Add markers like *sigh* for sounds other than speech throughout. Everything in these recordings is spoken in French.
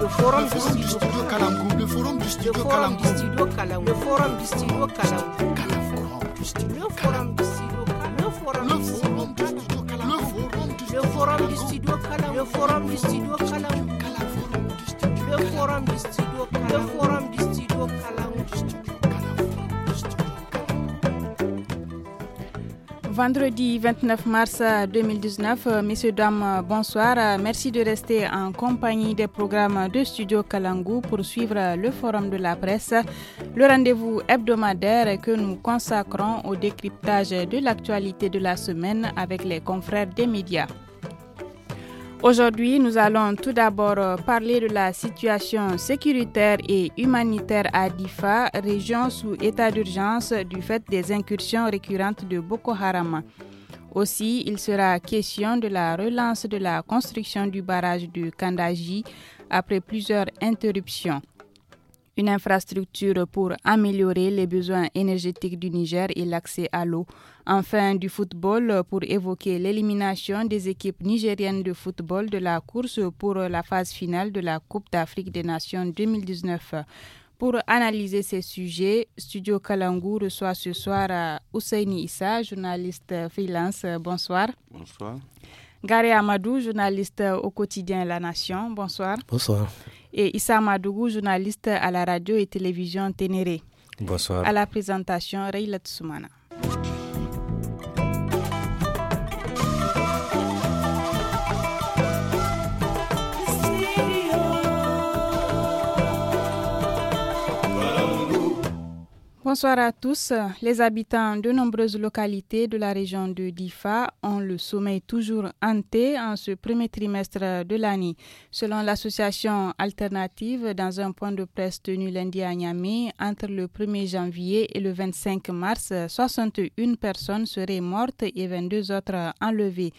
le forum du studio le forum du studio le forum du studio le forum le forum du le forum du studio le forum du Vendredi 29 mars 2019, euh, messieurs, dames, euh, bonsoir. Euh, merci de rester en compagnie des programmes de Studio Kalangu pour suivre le Forum de la presse, le rendez-vous hebdomadaire que nous consacrons au décryptage de l'actualité de la semaine avec les confrères des médias. Aujourd'hui, nous allons tout d'abord euh, parler de la situation sécuritaire et humanitaire à Difa, région sous état d'urgence du fait des incursions récurrentes de Boko Haram. Aussi, il sera question de la relance de la construction du barrage de Kandaji après plusieurs interruptions une infrastructure pour améliorer les besoins énergétiques du Niger et l'accès à l'eau. Enfin, du football pour évoquer l'élimination des équipes nigériennes de football de la course pour la phase finale de la Coupe d'Afrique des Nations 2019. Pour analyser ces sujets, Studio Kalangou reçoit ce soir euh, Ousseini Issa, journaliste freelance. Bonsoir. Bonsoir. Gary Amadou, journaliste au quotidien La Nation, bonsoir. Bonsoir. Et Issa Madougou, journaliste à la radio et télévision Ténéré. Bonsoir. À la présentation, Raylat Soumana. Bonsoir à tous. Les habitants de nombreuses localités de la région de Difa ont le sommeil toujours hanté en ce premier trimestre de l'année. Selon l'association Alternative, dans un point de presse tenu lundi à Niamey, entre le 1er janvier et le 25 mars, 61 personnes seraient mortes et 22 autres enlevées.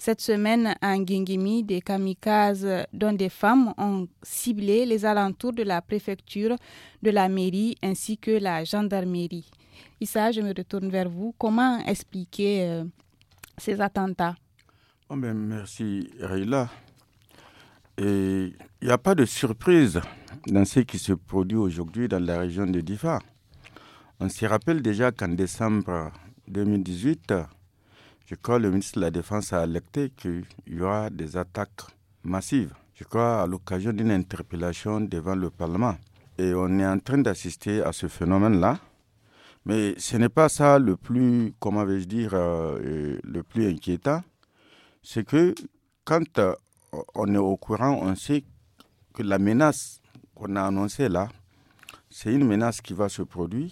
Cette semaine, un Ngingimi, des kamikazes, dont des femmes, ont ciblé les alentours de la préfecture, de la mairie ainsi que la gendarmerie. Issa, je me retourne vers vous. Comment expliquer euh, ces attentats oh, Merci, Rayla. il n'y a pas de surprise dans ce qui se produit aujourd'hui dans la région de Difa. On se rappelle déjà qu'en décembre 2018, je crois que le ministre de la Défense a alerté qu'il y aura des attaques massives. Je crois à l'occasion d'une interpellation devant le Parlement. Et on est en train d'assister à ce phénomène-là. Mais ce n'est pas ça le plus, comment vais-je dire, euh, euh, le plus inquiétant. C'est que quand euh, on est au courant, on sait que la menace qu'on a annoncée là, c'est une menace qui va se produire.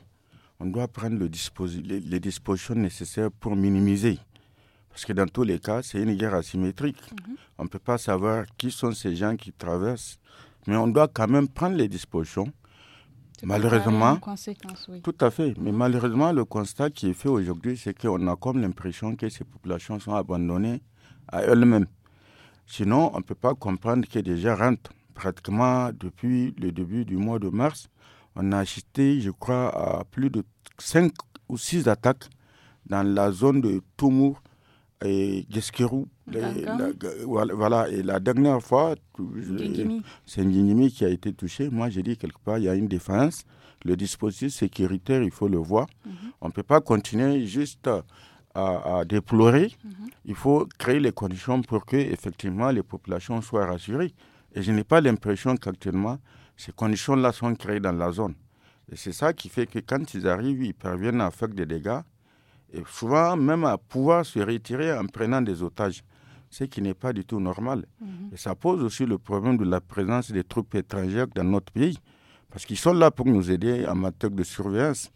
On doit prendre les dispositions nécessaires pour minimiser. Parce que dans tous les cas, c'est une guerre asymétrique. Mhm. On ne peut pas savoir qui sont ces gens qui traversent. Mais on doit quand même prendre les dispositions. Malheureusement, tout à fait. Mais mhm. malheureusement, le constat qui est fait aujourd'hui, c'est qu'on a comme l'impression que ces populations sont abandonnées à elles-mêmes. Sinon, on ne peut pas comprendre que des gens rentrent. Pratiquement depuis le début du mois de mars, on a assisté, je crois, à plus de 5 ou 6 attaques dans la zone de Toumour, et Voilà, et la dernière fois, c'est Ndignimi qui a été touché. Moi, j'ai dit quelque part, il y a une défense. Le dispositif sécuritaire, il faut le voir. Mhm. On ne peut pas continuer juste à, déplorer. Mhm. Il faut créer les conditions pour que, effectivement, les populations soient rassurées. Et je n'ai pas l'impression qu'actuellement, ces conditions-là sont créées dans la zone. Et c'est ça qui fait que quand ils arrivent, ils parviennent à faire des dégâts et souvent même à pouvoir se retirer en prenant des otages, ce qui n'est pas du tout normal. Mhm. Et ça pose aussi le problème de la présence des troupes étrangères dans notre pays, parce qu'ils sont là pour nous aider en matière de surveillance,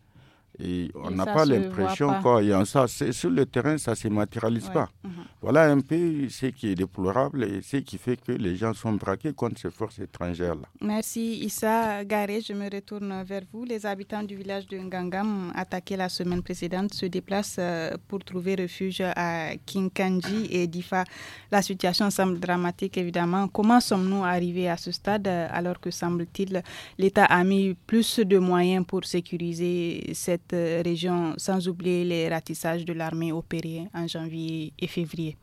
et on n'a pas l'impression quoi. Et ça, sur le terrain, ça ne se matérialise pas. Mhm. Voilà un peu ce qui est déplorable et ce qui fait que les gens sont braqués contre ces forces étrangères-là. Merci Issa Garé. Je me retourne vers vous. Les habitants du village de Ngangam, attaqués la semaine précédente, se déplacent euh, pour trouver refuge à Kinkanji et Difa. La situation semble dramatique, évidemment. Comment sommes-nous arrivés à ce stade euh, alors que, semble-t-il, l'État a mis plus de moyens pour sécuriser cette euh, région, sans oublier les ratissages de l'armée opérés en janvier et février.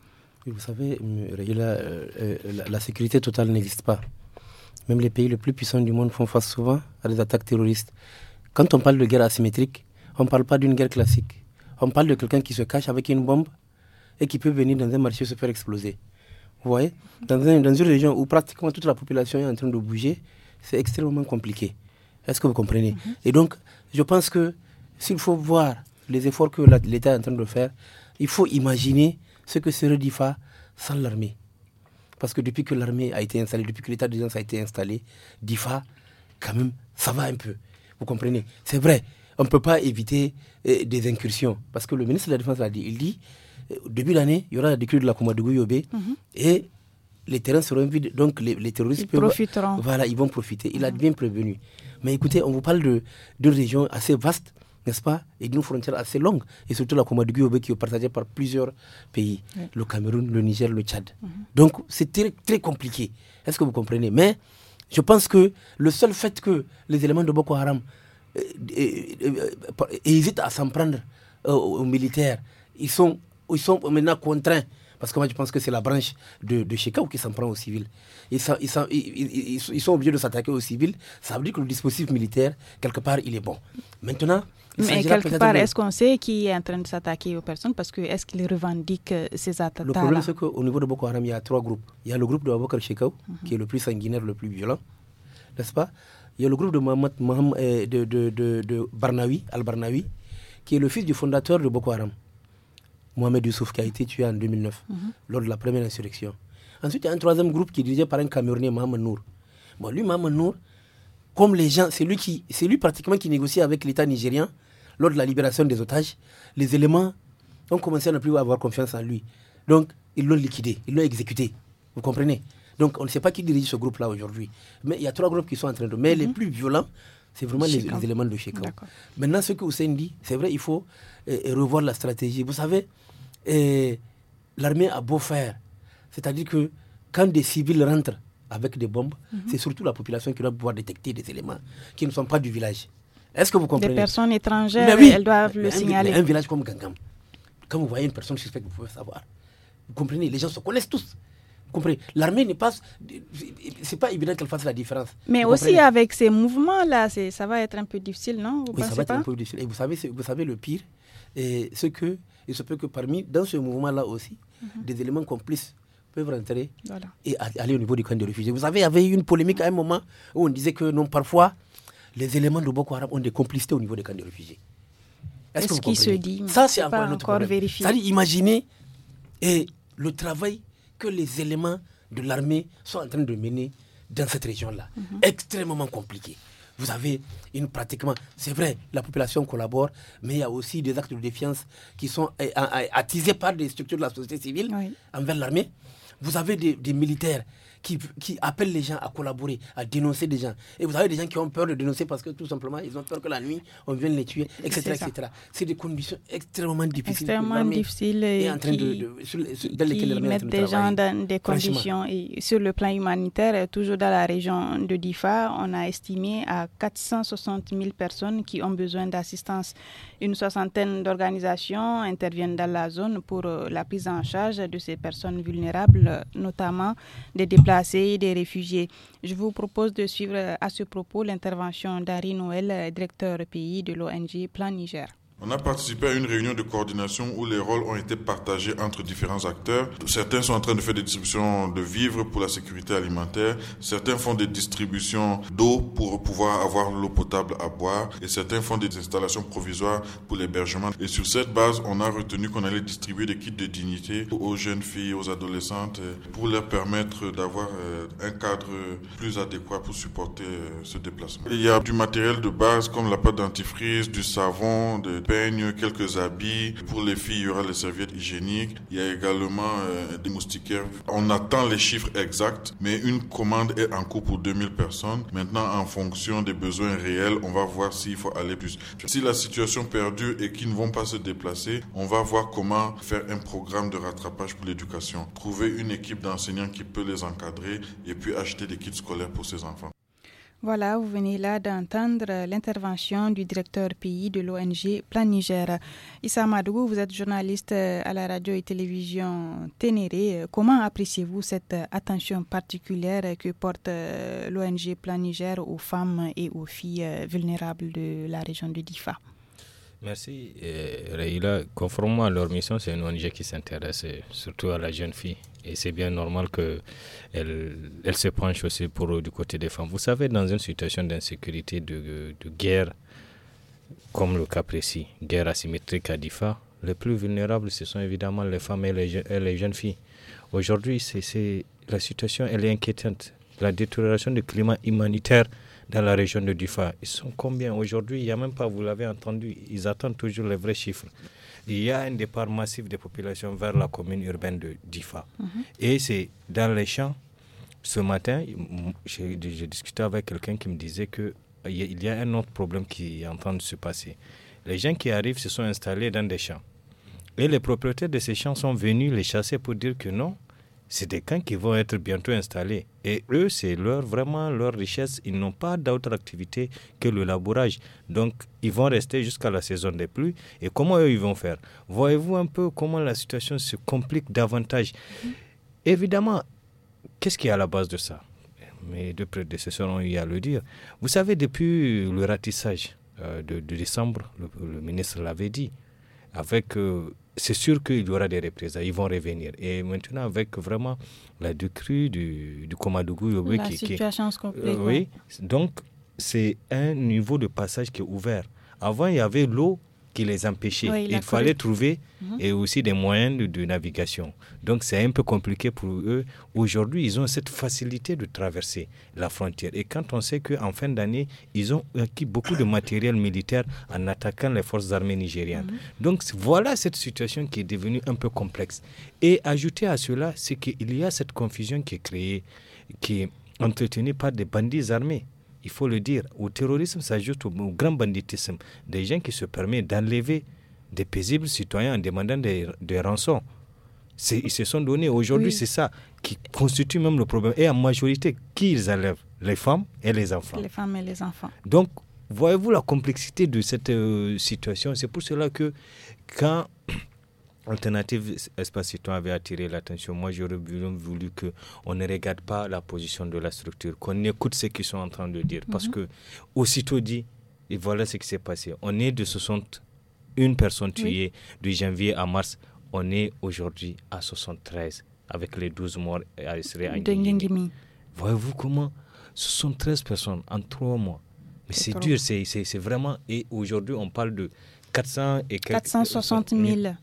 Vous savez, euh, euh, la, sécurité totale n'existe pas. Même les pays les plus puissants du monde font face souvent à des attaques terroristes. Quand on parle de guerre asymétrique, on ne parle pas d'une guerre classique. On parle de quelqu'un qui se cache avec une bombe et qui peut venir dans un marché se faire exploser. Vous voyez dans, un, dans une région où pratiquement toute la population est en train de bouger, c'est extrêmement compliqué. Est-ce que vous comprenez mhm. Et donc, je pense que s'il faut voir les efforts que l'État est en train de faire, il faut imaginer ce que serait DIFA sans l'armée. Parce que depuis que l'armée a été installée, depuis que l'état d'urgence a été installé, DIFA, quand même, ça va un peu. Vous comprenez C'est vrai, on ne peut pas éviter euh, des incursions. Parce que le ministre de la Défense a dit. Il dit, début euh, d'année, il y aura la décrue de la Koumadougou de mhm. Et les terrains seront vides. Donc les, terroristes ils profiteront. Voilà, ils vont profiter. Il a mhm. bien prévenu. Mais écoutez, on vous parle de deux régions assez vastes n'est-ce pas Et une frontière assez longue, et surtout la du qui est partagée par plusieurs pays, le Cameroun, le Niger, le Tchad. Mhm. Donc c'est très, très compliqué, est-ce que vous comprenez Mais je pense que le seul fait que les éléments de Boko Haram euh, euh, euh, hésitent à s'en prendre aux militaires, ils sont, ils sont maintenant contraints parce que moi je pense que c'est la branche de, de qui s'en prend aux civils. Ils ils ils, ils sont obligés de s'attaquer aux civils, ça veut dire que le dispositif militaire, quelque part, il est bon. Maintenant, mais quelque part, est-ce qu'on sait qui est en train de s'attaquer aux personnes Parce que est-ce qu'il revendique euh, ces attaques Le problème, c'est qu'au niveau de Boko Haram, il y a trois groupes. Il y a le groupe de Abakar Shekau, mhm. qui est le plus sanguinaire, le plus violent, n'est-ce pas Il y a le groupe de Mohamed, euh, de, de, de, Barnawi, Al-Barnawi, qui est le fils du fondateur de Boko Haram, Mohamed Youssouf, qui a été tué en 2009, mhm. lors de la première insurrection. Ensuite, il y a un troisième groupe qui est dirigé par un Camerounais, Mohamed Nour. Bon, lui, Mohamed Nour, comme les gens, c'est lui, qui, lui pratiquement qui négocie avec l'État nigérien lors de la libération des otages, les éléments ont commencé à ne plus avoir confiance en lui. Donc, ils l'ont liquidé, ils l'ont exécuté. Vous comprenez Donc, on ne sait pas qui dirige ce groupe-là aujourd'hui. Mais il y a trois groupes qui sont en train de. Mais les mhm. plus violents, c'est vraiment les, éléments de Chekan. Maintenant, ce que Hussein dit, c'est vrai, il faut euh, euh, revoir la stratégie. Vous savez, euh, l'armée a beau faire. C'est-à-dire que quand des civils rentrent avec des bombes, mhm. c'est surtout la population qui doit pouvoir détecter des éléments qui ne sont pas du village. Est-ce que vous comprenez Des personnes étrangères, elles doivent le signaler. Un village comme Gangam, quand vous voyez une personne suspecte, vous pouvez savoir. Vous comprenez Les gens se connaissent tous. Vous comprenez L'armée n'est pas. C'est pas évident qu'elle fasse la différence. Mais aussi, avec ces mouvements-là, ça va être un peu difficile, non vous Oui, ça va être un peu difficile. Et vous savez, vous savez le pire, c'est que. Il se peut que parmi, dans ce mouvement-là aussi, mhm. des éléments complices peuvent rentrer et aller au niveau du camp de réfugiés. Vous savez, il y avait eu une polémique à un moment où on disait que non, parfois, les éléments de Boko Haram ont des complicités au niveau des camps de réfugiés. Est-ce que vous comprenez se dit Ça, c'est encore, notre encore vérifié. imaginez et le travail que les éléments de l'armée sont en train de mener dans cette région-là. Mhm. Extrêmement compliqué. Vous avez une pratiquement, c'est vrai, la population collabore, mais il y a aussi des actes de défiance qui sont eh, attisés par des structures de la société civile envers l'armée. Vous avez des, des militaires qui, qui appellent les gens à collaborer, à dénoncer des gens. Et vous avez des gens qui ont peur de dénoncer parce que tout simplement, ils ont peur que la nuit, on vienne les tuer, etc. C'est des conditions extrêmement difficiles. Extrêmement difficiles. Et en train qui, de, des gens dans des conditions. Et sur le plan humanitaire, toujours dans la région de Difa, on a estimé à 460 000 personnes qui ont besoin d'assistance. Une soixantaine d'organisations interviennent dans la zone pour euh, la prise en charge de ces personnes vulnérables, notamment des déplacés des réfugiés. Je vous propose de suivre euh, à ce propos l'intervention d'Ari Noël, euh, directeur pays de l'ONG Plan Niger. On a participé à une réunion de coordination où les rôles ont été partagés entre différents acteurs. Certains sont en train de faire des distributions de vivres pour la sécurité alimentaire, certains font des distributions d'eau pour pouvoir avoir l'eau potable à boire et certains font des installations provisoires pour l'hébergement. Et sur cette base, on a retenu qu'on allait distribuer des kits de dignité aux jeunes filles, aux adolescentes euh, pour leur permettre d'avoir euh, un cadre plus adéquat pour supporter euh, ce déplacement. Il y a du matériel de base comme la pâte dentifrice, du savon, de peignes, quelques habits. Pour les filles, il y aura les serviettes hygiéniques. Il y a également euh, des moustiquaires. On attend les chiffres exacts, mais une commande est en cours pour 2000 personnes. Maintenant, en fonction des besoins réels, on va voir s'il faut aller plus. Si la situation perdure et qu'ils ne vont pas se déplacer, on va voir comment faire un programme de rattrapage pour l'éducation. Trouver une équipe d'enseignants qui peut les encadrer et puis acheter des kits scolaires pour ces enfants. Voilà, vous venez là d'entendre l'intervention du directeur pays de l'ONG Plan Niger. Issa Madougou, vous êtes journaliste euh, à la radio et télévision Ténéré. Comment appréciez-vous cette euh, attention particulière que porte euh, l'ONG Plan Niger aux femmes et aux filles vulnérables de la région de Difa Merci, Reïla. Conformément à leur mission, c'est une ONG qui s'intéresse surtout à la jeune fille et c'est bien normal qu'elle elle se penche aussi pour du côté des femmes. Vous savez, dans une situation d'insécurité, de, guerre, comme le cas précis, guerre asymétrique à Difa, les plus vulnérables, ce sont évidemment les femmes et les, jeunes filles. Aujourd'hui, la situation elle est inquiétante. La détérioration du climat humanitaire dans la région de Difa. Ils sont combien aujourd'hui Il n'y a même pas, vous l'avez entendu, ils attendent toujours les vrais chiffres il y a un départ massif des populations vers la commune urbaine de Difa. Mhm. Et c'est dans les champs. Ce matin, j'ai discuté avec quelqu'un qui me disait que euh, il y a un autre problème qui est en train de se passer. Les gens qui arrivent se sont installés dans des champs. Et les propriétaires de ces champs sont venus les chasser pour dire que non, c'est des camps qui vont être bientôt installés. Et eux, c'est leur, vraiment leur richesse. Ils n'ont pas d'autre activité que le labourage. Donc, ils vont rester jusqu'à la saison des pluies. Et comment eux, ils vont faire Voyez-vous un peu comment la situation se complique davantage. Évidemment, qu'est-ce qui est à la base de ça Mes deux prédécesseurs ont eu à le dire. Vous savez, depuis le ratissage euh, de, décembre, le, ministre l'avait dit, avec... Euh, c'est sûr qu'il y aura des reprises. ils vont revenir. Et maintenant, avec vraiment la décrue du, du Komadougou la situation se complique. Euh, oui, donc c'est un niveau de passage qui est ouvert. Avant, il y avait l'eau qui les empêchait. il fallait trouver mhm. et aussi des moyens de, navigation. Donc c'est un peu compliqué pour eux. Aujourd'hui, ils ont cette facilité de traverser la frontière. Et quand on sait qu'en fin d'année, ils ont acquis beaucoup de matériel militaire en attaquant les forces armées nigériennes. Mhm. Donc voilà cette situation qui est devenue un peu complexe. Et ajouter à cela, c'est qu'il y a cette confusion qui est créée, qui est entretenue par des bandits armés il faut le dire, au terrorisme s'ajoute au, au, grand banditisme des gens qui se permettent d'enlever des paisibles citoyens en demandant des, rançons. Ils se sont donnés. Aujourd'hui, c'est ça qui constitue même le problème. Et en majorité, qui ils enlèvent Les femmes et les enfants. Les femmes et les enfants. Donc, voyez-vous la complexité de cette euh, situation C'est pour cela que quand alternative espace tu avait attiré l'attention. Moi, j'aurais voulu que on ne regarde pas la position de la structure, qu'on écoute ce qu'ils sont en train de dire, parce mhm. que aussitôt dit, et voilà ce qui s'est passé. On est de 61 personnes tuées de janvier à mars. On est aujourd'hui à 73 avec les 12 morts à Israël. Voyez-vous comment 73 personnes en trois mois. Mais c'est dur, c'est vraiment. Et aujourd'hui, on parle de 400 et 460 000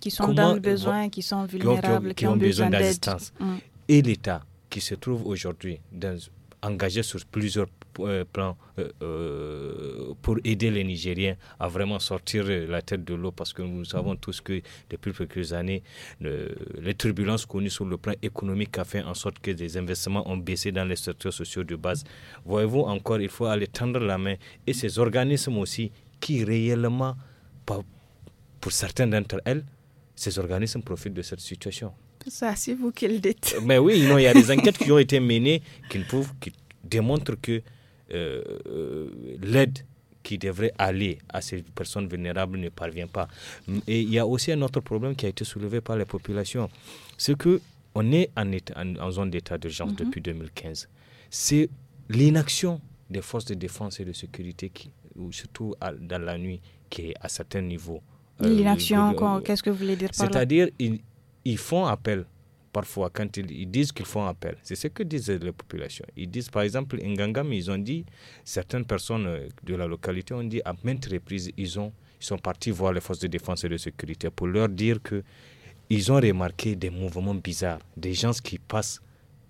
qui sont dans le besoin, qui sont vulnérables, qui ont, besoin, d'assistance. Mm. Et l'État, qui se trouve aujourd'hui engagé sur plusieurs euh, plans euh, euh, pour aider les Nigériens à vraiment sortir la tête de l'eau parce que nous savons tous que depuis quelques années, les turbulences connues sur le plan économique a fait en sorte que des investissements ont baissé dans les structures sociaux de base. Voyez-vous encore, il faut aller tendre la main et ces organismes aussi qui réellement, pour certains d'entre elles, ces organismes profitent de cette situation. Ça, c'est vous qui le euh, Mais oui, il y a des enquêtes qui ont été menées qui, prouvent, qui démontrent que euh, euh, l'aide qui devrait aller à ces personnes vulnérables ne parvient pas. Mm, et il y a aussi un autre problème qui a été soulevé par les populations. C'est que on est en, en, zone d'état d'urgence mhm. depuis 2015. C'est l'inaction des forces de défense et de sécurité, qui, surtout dans la nuit, qui est à certains niveaux euh, L'inaction, qu'est-ce que vous voulez dire par là C'est-à-dire, ils, font appel parfois quand ils, disent qu'ils font appel. C'est ce que disent les populations. Ils disent, par exemple, Ngangam, ils ont dit, certaines personnes euh, de la localité ont dit à maintes reprises, ils, ont, ils sont partis voir les forces de défense et de sécurité pour leur dire que ils ont remarqué des mouvements bizarres, des gens qui passent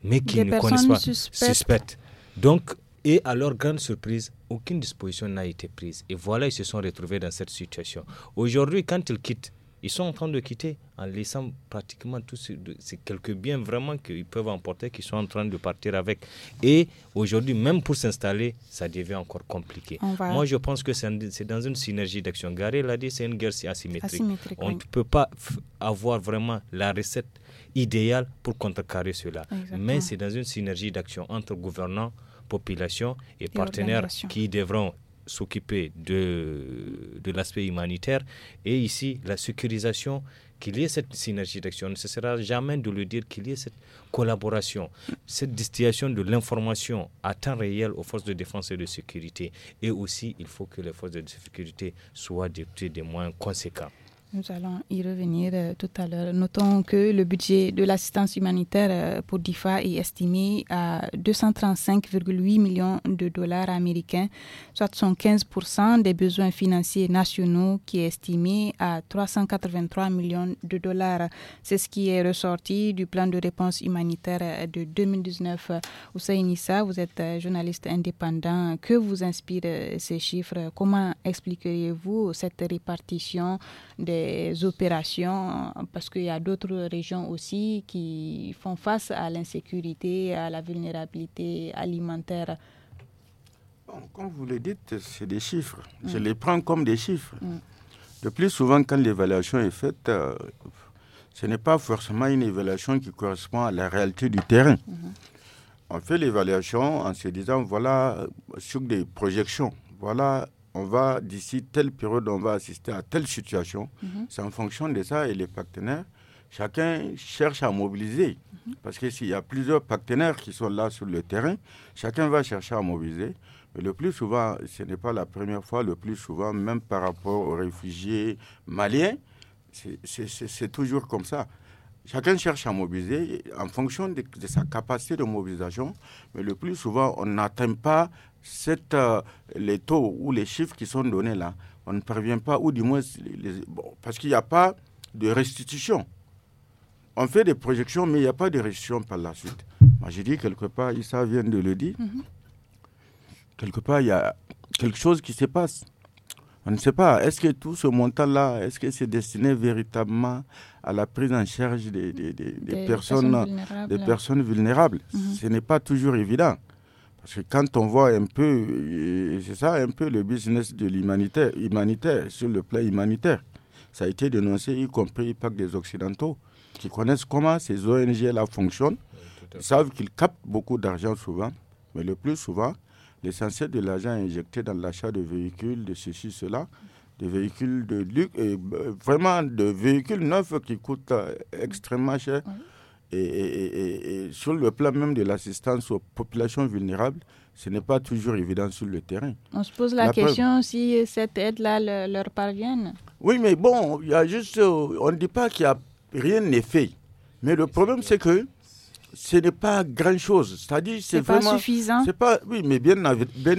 mais qui ne connaissent pas suspectes. suspectes. Donc, et à leur grande surprise, aucune disposition n'a été prise. Et voilà, ils se sont retrouvés dans cette situation. Aujourd'hui, quand ils quittent, ils sont en train de quitter en laissant pratiquement tous ces, quelques biens vraiment qu'ils peuvent emporter, qu'ils sont en train de partir avec. Et aujourd'hui, même pour s'installer, ça devient encore compliqué. Moi, je pense que c'est dans une synergie d'action. Garé l'a dit, c'est une guerre asymétrique. asymétrique On ne peut pas avoir vraiment la recette idéale pour contrecarrer cela. Mais c'est dans une synergie d'action entre gouvernants, population et, partenaires qui devront s'occuper de, de l'aspect humanitaire et ici la sécurisation qu'il y ait cette synergie d'action. Ce ne sera jamais de le dire qu'il y ait cette collaboration, cette distillation de l'information à temps réel aux forces de défense et de sécurité. Et aussi, il faut que les forces de sécurité soient dotées des moyens conséquents. Nous allons y revenir euh, tout à l'heure. Notons que le budget de l'assistance humanitaire euh, pour DIFA est estimé à 235,8 millions de dollars américains, soit 115% des besoins financiers nationaux qui est estimé à 383 millions de dollars. C'est ce qui est ressorti du plan de réponse humanitaire euh, de 2019. Hussein vous êtes journaliste indépendant. Que vous inspirent ces chiffres Comment expliqueriez-vous cette répartition des opérations parce qu'il y a d'autres régions aussi qui font face à l'insécurité, à la vulnérabilité alimentaire. comme vous le dites, c'est des chiffres. Je mm. les prends comme des chiffres. Mm. de plus souvent, quand l'évaluation est faite, euh, ce n'est pas forcément une évaluation qui correspond à la réalité du terrain. Mm-hmm. On fait l'évaluation en se disant, voilà, sur des projections, voilà on va, d'ici telle période, on va assister à telle situation. Mhm. C'est en fonction de ça et les partenaires, chacun cherche à mobiliser. Mhm. Parce que s'il y a plusieurs partenaires qui sont là sur le terrain, chacun va chercher à mobiliser. Mais le plus souvent, ce n'est pas la première fois, le plus souvent, même par rapport aux réfugiés maliens, c'est toujours comme ça. Chacun cherche à mobiliser en fonction de, sa capacité de mobilisation, mais le plus souvent, on n'atteint pas euh, les taux ou les chiffres qui sont donnés là. On ne parvient pas, ou du moins, parce qu'il n'y a pas de restitution. On fait des projections, mais il n'y a pas de restitution par la suite. Moi, j'ai dit quelque part, Issa vient de le dire, mm-hmm. quelque part, il y a quelque chose qui se passe. On ne sait pas, est-ce que tout ce montant-là, est-ce que c'est destiné véritablement à la prise en charge des, des, des, personnes, vulnérables, des personnes vulnérables mhm. Ce n'est pas toujours évident. Parce que quand on voit un peu, c'est ça un peu le business de l'humanitaire, humanitaire, sur le plan humanitaire. Ça a été dénoncé, y compris par des Occidentaux, qui connaissent comment ces ONG-là fonctionnent. Ils savent qu'ils captent beaucoup d'argent souvent, mais le plus souvent, l'essentiel de l'argent injecté dans l'achat de véhicules, de ceci, cela, de véhicules de luxe, et euh, vraiment de véhicules neufs qui coûtent euh, extrêmement cher. Et, sur le plan même de l'assistance aux populations vulnérables, ce n'est pas toujours évident sur le terrain. On se pose la, question si cette aide-là leur parvient. Oui, mais bon, il y a juste, euh, on ne dit pas qu'il n'y a rien n'est fait. Mais le problème, c'est que ce n'est pas grand-chose. C'est-à-dire, c'est vraiment. pas suffisant. C'est pas, oui, mais bien,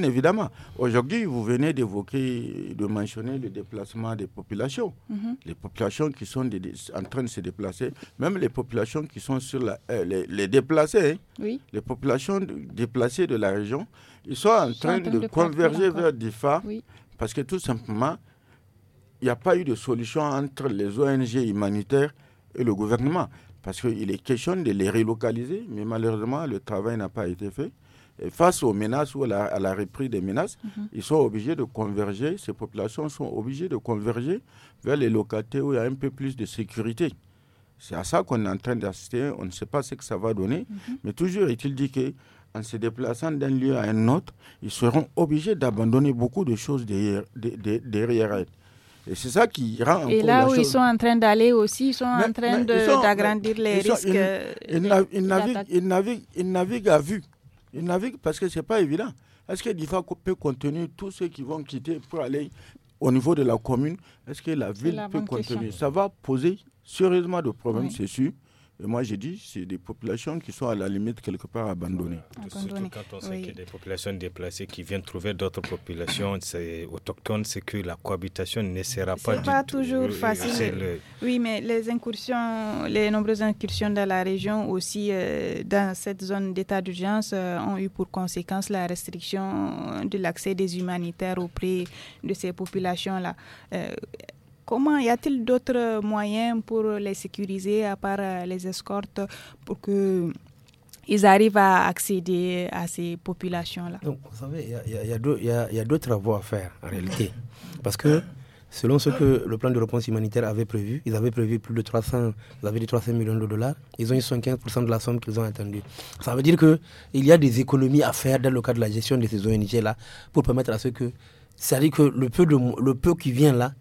évidemment. Aujourd'hui, vous venez d'évoquer, de mentionner le déplacement des populations. Mhm. Les populations qui sont en train de se déplacer, même les populations qui sont sur euh, les, déplacés, hein. oui. les populations déplacées de la région, ils sont en, train, de, converger vers DIFA oui. parce que tout simplement, il n'y a pas eu de solution entre les ONG humanitaires et le gouvernement. Parce qu'il est question de les relocaliser, mais malheureusement, le travail n'a pas été fait. Et face aux menaces ou à la, reprise des menaces, mhm. ils sont obligés de converger, ces populations sont obligées de converger vers les localités où il y a un peu plus de sécurité. C'est à ça qu'on est en train d'assister, on ne sait pas ce que ça va donner, mhm. mais toujours est-il dit que en se déplaçant d'un lieu à un autre, ils seront obligés d'abandonner beaucoup de choses derrière, derrière elles. Et c'est ça qui rend. Et là où ils sont en train d'aller aussi, ils sont en train d'agrandir les risques. Ils, naviguent, à vue. Ils naviguent parce que ce n'est pas évident. Est-ce que DIFA peut contenir tous ceux qui vont quitter pour aller au niveau de la commune Est-ce que la ville peut contenir Ça va poser sérieusement de problèmes, c'est sûr. Et moi, j'ai dit, c'est des populations qui sont à la limite quelque part abandonnées. Surtout quand on sait qu'il y a des populations déplacées qui viennent trouver d'autres populations *coughs* autochtones, c'est que la cohabitation ne sera pas. pas toujours euh, facile. Oui, mais les incursions, les nombreuses incursions dans la région aussi, euh, dans cette zone d'état d'urgence, euh, ont eu pour conséquence la restriction de l'accès des humanitaires auprès de ces populations-là. Comment y a-t-il d'autres moyens pour les sécuriser à part euh, les escortes pour que ils arrivent à accéder à ces populations-là Vous savez, il y a, d'autres travaux à faire en réalité. Parce que selon ce que le plan de réponse humanitaire avait prévu, ils avaient prévu plus de 300, ils avaient 300 millions de dollars, ils ont eu 75% de la somme qu'ils ont attendue. Ça veut dire qu'il y a des économies à faire dans le cadre de la gestion de ces ONG-là pour permettre à ceux que c'est-à-dire que le peu, le peu qui vient là,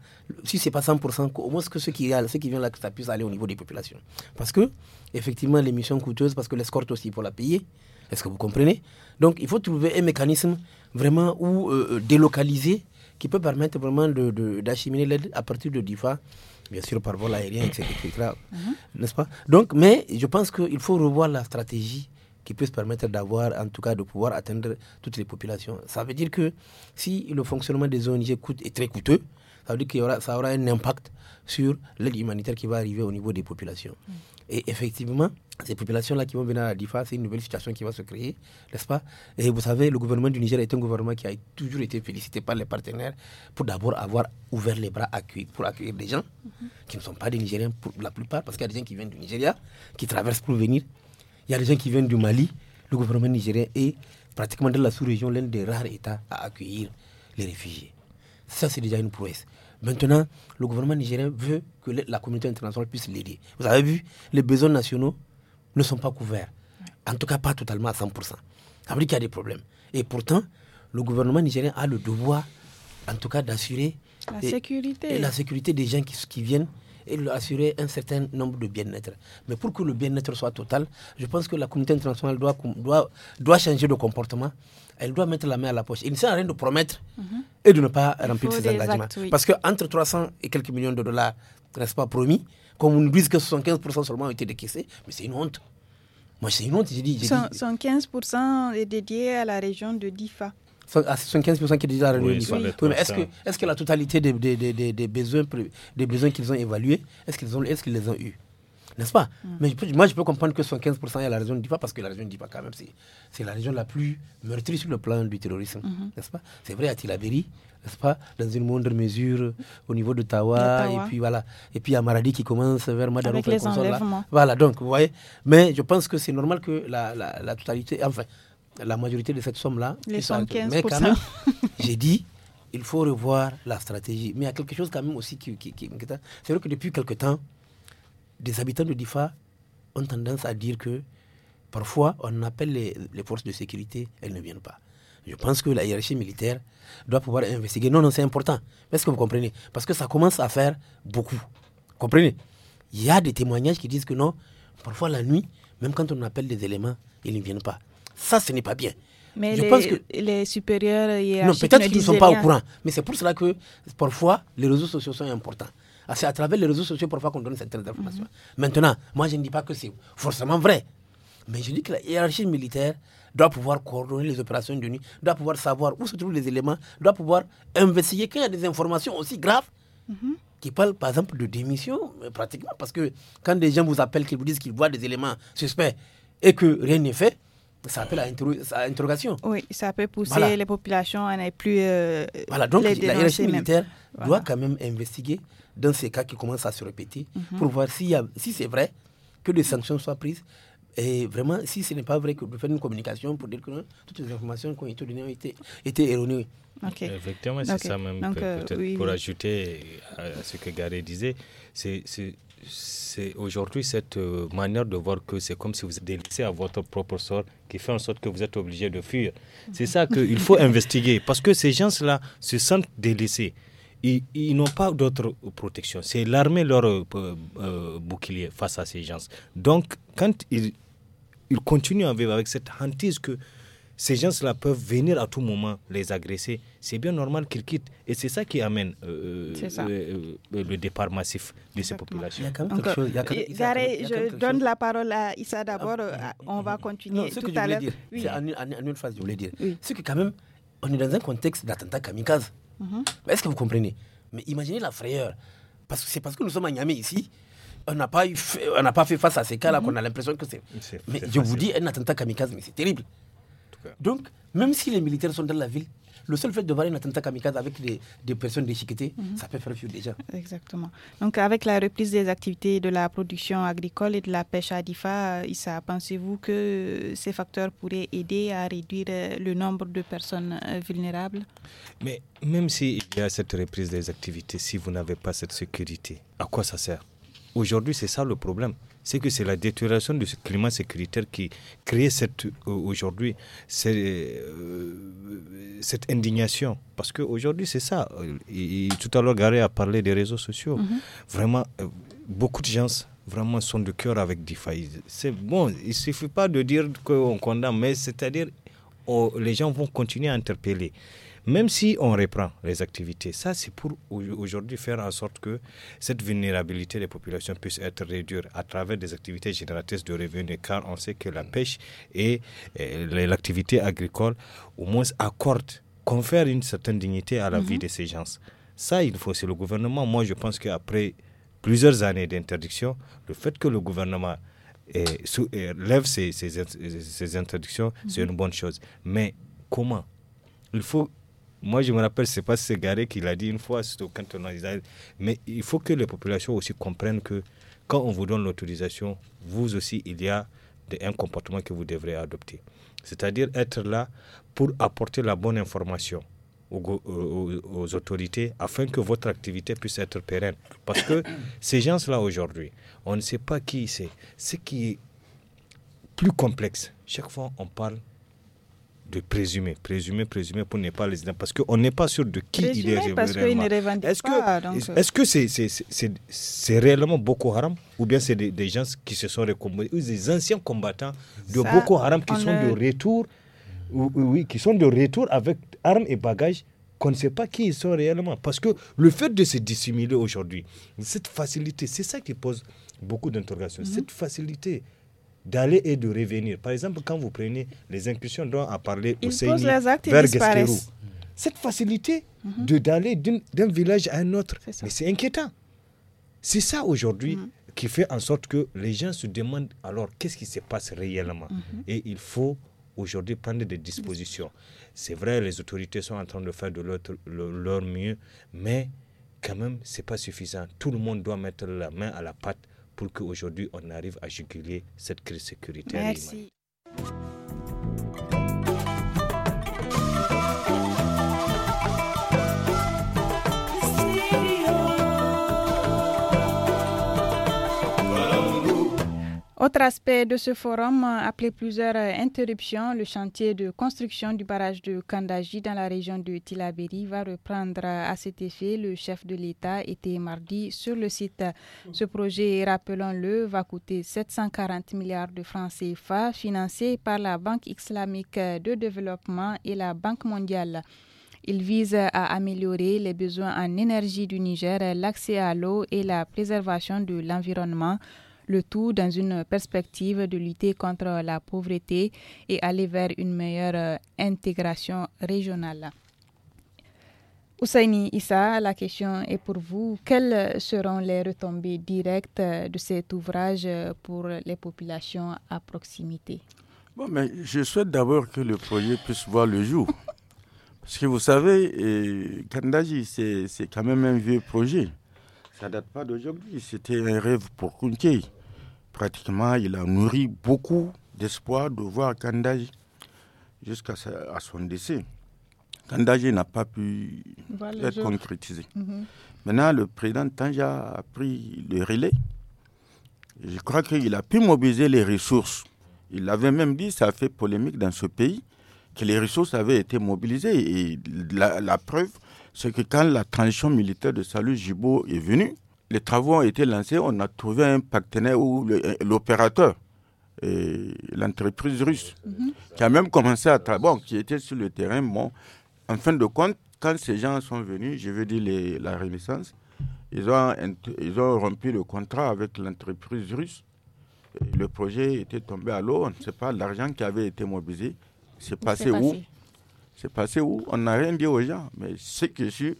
si ce n'est pas 100%, au moins que ceux qui, qui viennent là, que ça puisse aller au niveau des populations. Parce que, effectivement, l'émission missions coûteuses, parce que l'escorte aussi, pour la payer. Est-ce que vous comprenez Donc, il faut trouver un mécanisme vraiment où euh, euh, délocaliser qui peut permettre vraiment d'acheminer l'aide à partir de DIFA, bien sûr par vol aérien, etc. Mhm. N'est-ce pas Donc, mais je pense qu'il faut revoir la stratégie qui puisse permettre d'avoir, en tout cas, de pouvoir atteindre toutes les populations. Ça veut dire que si le fonctionnement des ONG coûte, est très coûteux, ça veut dire que aura, ça aura un impact sur l'aide humanitaire qui va arriver au niveau des populations. Mm. Et effectivement, ces populations-là qui vont venir à Diffa, c'est une nouvelle situation qui va se créer, n'est-ce pas Et vous savez, le gouvernement du Niger est un gouvernement qui a toujours été félicité par les partenaires pour d'abord avoir ouvert les bras pour accueillir des gens mm-hmm. qui ne sont pas des Nigériens pour la plupart, parce qu'il y a des gens qui viennent du Nigeria, qui traversent pour venir il y a des gens qui viennent du Mali. Le gouvernement nigérien est pratiquement dans la sous-région l'un des rares États à accueillir les réfugiés. Ça, c'est déjà une prouesse. Maintenant, le gouvernement nigérien veut que la communauté internationale puisse l'aider. Vous avez vu, les besoins nationaux ne sont pas couverts. En tout cas, pas totalement à 100%. Ça veut dire qu'il y a des problèmes. Et pourtant, le gouvernement nigérien a le devoir, en tout cas, d'assurer la sécurité. des gens qui viennent et assurer un certain nombre de bien-être. Mais pour que le bien-être soit total, je pense que la communauté internationale doit, doit, doit changer de comportement. Elle doit mettre la main à la poche. Il ne sert à rien de promettre mhm. et de ne pas remplir ses engagements. Parce Parce qu'entre 300 et quelques millions de dollars, n'est-ce pas, promis, on nous dit que 75% seulement ont été décaissés, mais c'est une honte. Moi, c'est une honte. J'ai dit, 75% est dédié à la région de Difa à 75% qui est déjà réunis. Oui, oui, est-ce que, est que la totalité des, des, des, besoins, qu'ils ont évalués, est-ce qu'ils est qu'ils les ont eus N'est-ce pas mm. Mais moi, je peux comprendre que 75% à la région dit pas parce que la région dit pas quand même, c'est la région la plus meurtrie sur le plan du terrorisme. Mm-hmm. N'est-ce pas C'est vrai à Tilaberi, n'est-ce pas Dans une moindre mesure au niveau d'Ottawa, et puis voilà. Et puis à Maradi qui commence vers Madarou. Voilà, donc, vous voyez. Mais je pense que c'est normal que la, la, la totalité. Enfin la majorité de cette somme-là. Les Mais quand même, j'ai dit, il faut revoir la stratégie. Mais il y a quelque chose quand même aussi qui, C'est vrai que depuis quelque temps, des habitants de Difa ont tendance à dire que parfois, on appelle les, forces de sécurité, elles ne viennent pas. Je pense que la hiérarchie militaire doit pouvoir investiguer. Non, non, c'est important. Est-ce que vous comprenez Parce que ça commence à faire beaucoup. comprenez Il y a des témoignages qui disent que non, parfois la nuit, même quand on appelle des éléments, ils ne viennent pas. Ça, ce n'est pas bien. Mais je les, pense que... les supérieurs hiérarchiques Non, peut-être qu'ils ne sont pas au courant. Mais c'est pour cela que parfois, les réseaux sociaux sont importants. Ah, c'est à travers les réseaux sociaux parfois qu'on donne certaines informations. Mhm. Maintenant, moi, je ne dis pas que c'est forcément vrai. Mais je dis que la hiérarchie militaire doit pouvoir coordonner les opérations de nuit, doit pouvoir savoir où se trouvent les éléments, doit pouvoir investiguer quand il y a des informations aussi graves mhm. qui parlent par exemple de démission, pratiquement. Parce que quand des gens vous appellent, qu'ils vous disent qu'ils voient des éléments suspects et que rien n'est fait, ça appelle à, interrogation. Oui, ça peut pousser les populations à ne plus. Euh, voilà, donc les la hiérarchie militaire doit quand même investiguer dans ces cas qui commencent à se répéter mhm. pour voir si, c'est vrai que des sanctions soient prises. Et vraiment, si ce n'est pas vrai que de faire une communication pour dire que toutes les informations qui ont été données ont été, erronées. Effectivement, c'est ça même. Donc, euh, pour ajouter à, ce que Gary disait, c'est c'est aujourd'hui cette euh, manière de voir que c'est comme si vous êtes délaissé à votre propre sort qui fait en sorte que vous êtes obligé de fuir. C'est ça qu'il faut investiguer parce que ces gens-là se sentent délaissés. Ils, ils n'ont pas d'autre protection. C'est l'armée leur euh, euh, bouclier face à ces gens. Donc, quand ils, ils continuent à vivre avec cette hantise que ces gens-là peuvent venir à tout moment les agresser. C'est bien normal qu'ils quittent. Et c'est ça qui amène euh, euh, euh, le départ massif de ces populations. Il y a quand même je donne la parole à Issa d'abord. Ah, on va ah, ah, continuer ce tout à l'heure. C'est en, en, une phrase, je voulais dire. C'est que quand même, on est dans un contexte d'attentat kamikaze. Mhm. Est-ce que vous comprenez Mais imaginez la frayeur. Parce que c'est parce que nous sommes à Niamey ici on n'a pas, fait, pas fait face à ces cas-là mhm. qu'on a l'impression que c'est. Mais je vous dis, un attentat kamikaze, mais c'est terrible. Donc, même si les militaires sont dans la ville, le seul fait de voir un attentat kamikaze avec des, personnes déchiquetées, mhm. ça peut faire fuir déjà. Exactement. Donc, avec la reprise des activités de la production agricole et de la pêche à Difa, ça. Euh, pensez-vous que ces facteurs pourraient aider à réduire euh, le nombre de personnes euh, vulnérables Mais même s'il y a cette reprise des activités, si vous n'avez pas cette sécurité, à quoi ça sert Aujourd'hui, c'est ça le problème c'est que c'est la détérioration de ce climat sécuritaire qui crée cette aujourd'hui euh, cette indignation parce qu'aujourd'hui c'est ça tout à l'heure Garé a parlé des réseaux sociaux mhm. vraiment euh, beaucoup de gens vraiment sont de cœur avec DeFi. C'est bon, il suffit pas de dire qu'on condamne, mais c'est-à-dire oh, les gens vont continuer à interpeller même si on reprend les activités. Ça, c'est pour aujourd'hui faire en sorte que cette vulnérabilité des populations puisse être réduite à travers des activités génératrices de revenus, car on sait que la pêche et, euh, l'activité agricole, au moins, accordent, confèrent une certaine dignité à la vie mhm. de ces gens. Ça, il faut, c'est le gouvernement. Moi, je pense qu'après plusieurs années d'interdiction, le fait que le gouvernement euh, euh, lève ces, interdictions, c'est mhm. une bonne chose. Mais comment Il faut moi, je me rappelle, c'est pas Ségaré qui l'a dit une fois, quand on d'Israël. Mais il faut que les populations aussi comprennent que quand on vous donne l'autorisation, vous aussi, il y a un comportement que vous devrez adopter. C'est-à-dire être là pour apporter la bonne information aux, euh, autorités afin que votre activité puisse être pérenne. Parce que *coughs* ces gens-là aujourd'hui, on ne sait pas qui c'est. Ce qui est plus complexe, chaque fois on parle de présumer, présumer, présumer pour ne pas les Parce qu'on n'est pas sûr de qui il est est-ce que euh. est-ce que c'est c'est c'est réellement Boko Haram ou bien c'est des, gens qui se sont Ou des anciens combattants de Boko Haram qui sont de retour, qui sont de retour avec armes et bagages qu'on ne sait pas qui ils sont réellement. Parce que le fait de se dissimuler aujourd'hui, cette facilité, c'est ça qui pose beaucoup d'interrogations. Mhm. Cette facilité, d'aller et de revenir. Par exemple, quand vous prenez les incursions dont parler parlé Seigneur vers disparaissent. cette facilité mhm. de d'aller d'un village à un autre, mais c'est inquiétant. C'est ça aujourd'hui mhm. qui fait en sorte que les gens se demandent alors qu'est-ce qui se passe réellement. Mhm. Et il faut aujourd'hui prendre des dispositions. C'est vrai, les autorités sont en train de faire de leur, leur mieux, mais quand même, ce n'est pas suffisant. Tout le monde doit mettre la main à la pâte pour qu'aujourd'hui on arrive à juguler cette crise sécuritaire. Merci. Autre aspect de ce forum, euh, après plusieurs euh, interruptions, le chantier de construction du barrage de Kandaji dans la région de Tilaberi va reprendre euh, à cet effet. Le chef de l'État était mardi sur le site. Mm. Ce projet, rappelons-le, va coûter 740 milliards de francs CFA, financé par la Banque islamique de développement et la Banque mondiale. Il vise à améliorer les besoins en énergie du Niger, l'accès à l'eau et la préservation de l'environnement le tout dans une perspective de lutter contre la pauvreté et aller vers une meilleure euh, intégration régionale. Ousaini Issa, la question est pour vous. Quelles seront les retombées directes de cet ouvrage pour les populations à proximité mais je souhaite d'abord que le projet puisse voir le jour. Parce que vous savez, Kandaji, c'est quand même un vieux projet. Ça date pas d'aujourd'hui. C'était un rêve pour Kunti pratiquement, il a nourri beaucoup d'espoir de voir Kandaji jusqu'à son décès. Kandaji n'a pas pu être concrétisé. Mhm. Maintenant, le président Tanja a pris le relais. Je crois qu'il a pu mobiliser les ressources. Il avait même dit, ça a fait polémique dans ce pays, que les ressources avaient été mobilisées. Et la, la preuve, c'est que quand la transition militaire de Salut Jibo est venue, les travaux ont été lancés, on a trouvé un partenaire ou euh, l'opérateur, euh, l'entreprise russe, mhm. qui a même commencé à travailler, qui était sur le terrain. Bon, en fin de compte, quand ces gens sont venus, je veux dire la Renaissance, ils ont, ils ont rompu le contrat avec l'entreprise russe. Le projet était tombé à l'eau, on ne sait pas, l'argent qui avait été mobilisé, c'est passé, où C'est passé où On n'a rien dit aux gens, mais ce que je suis,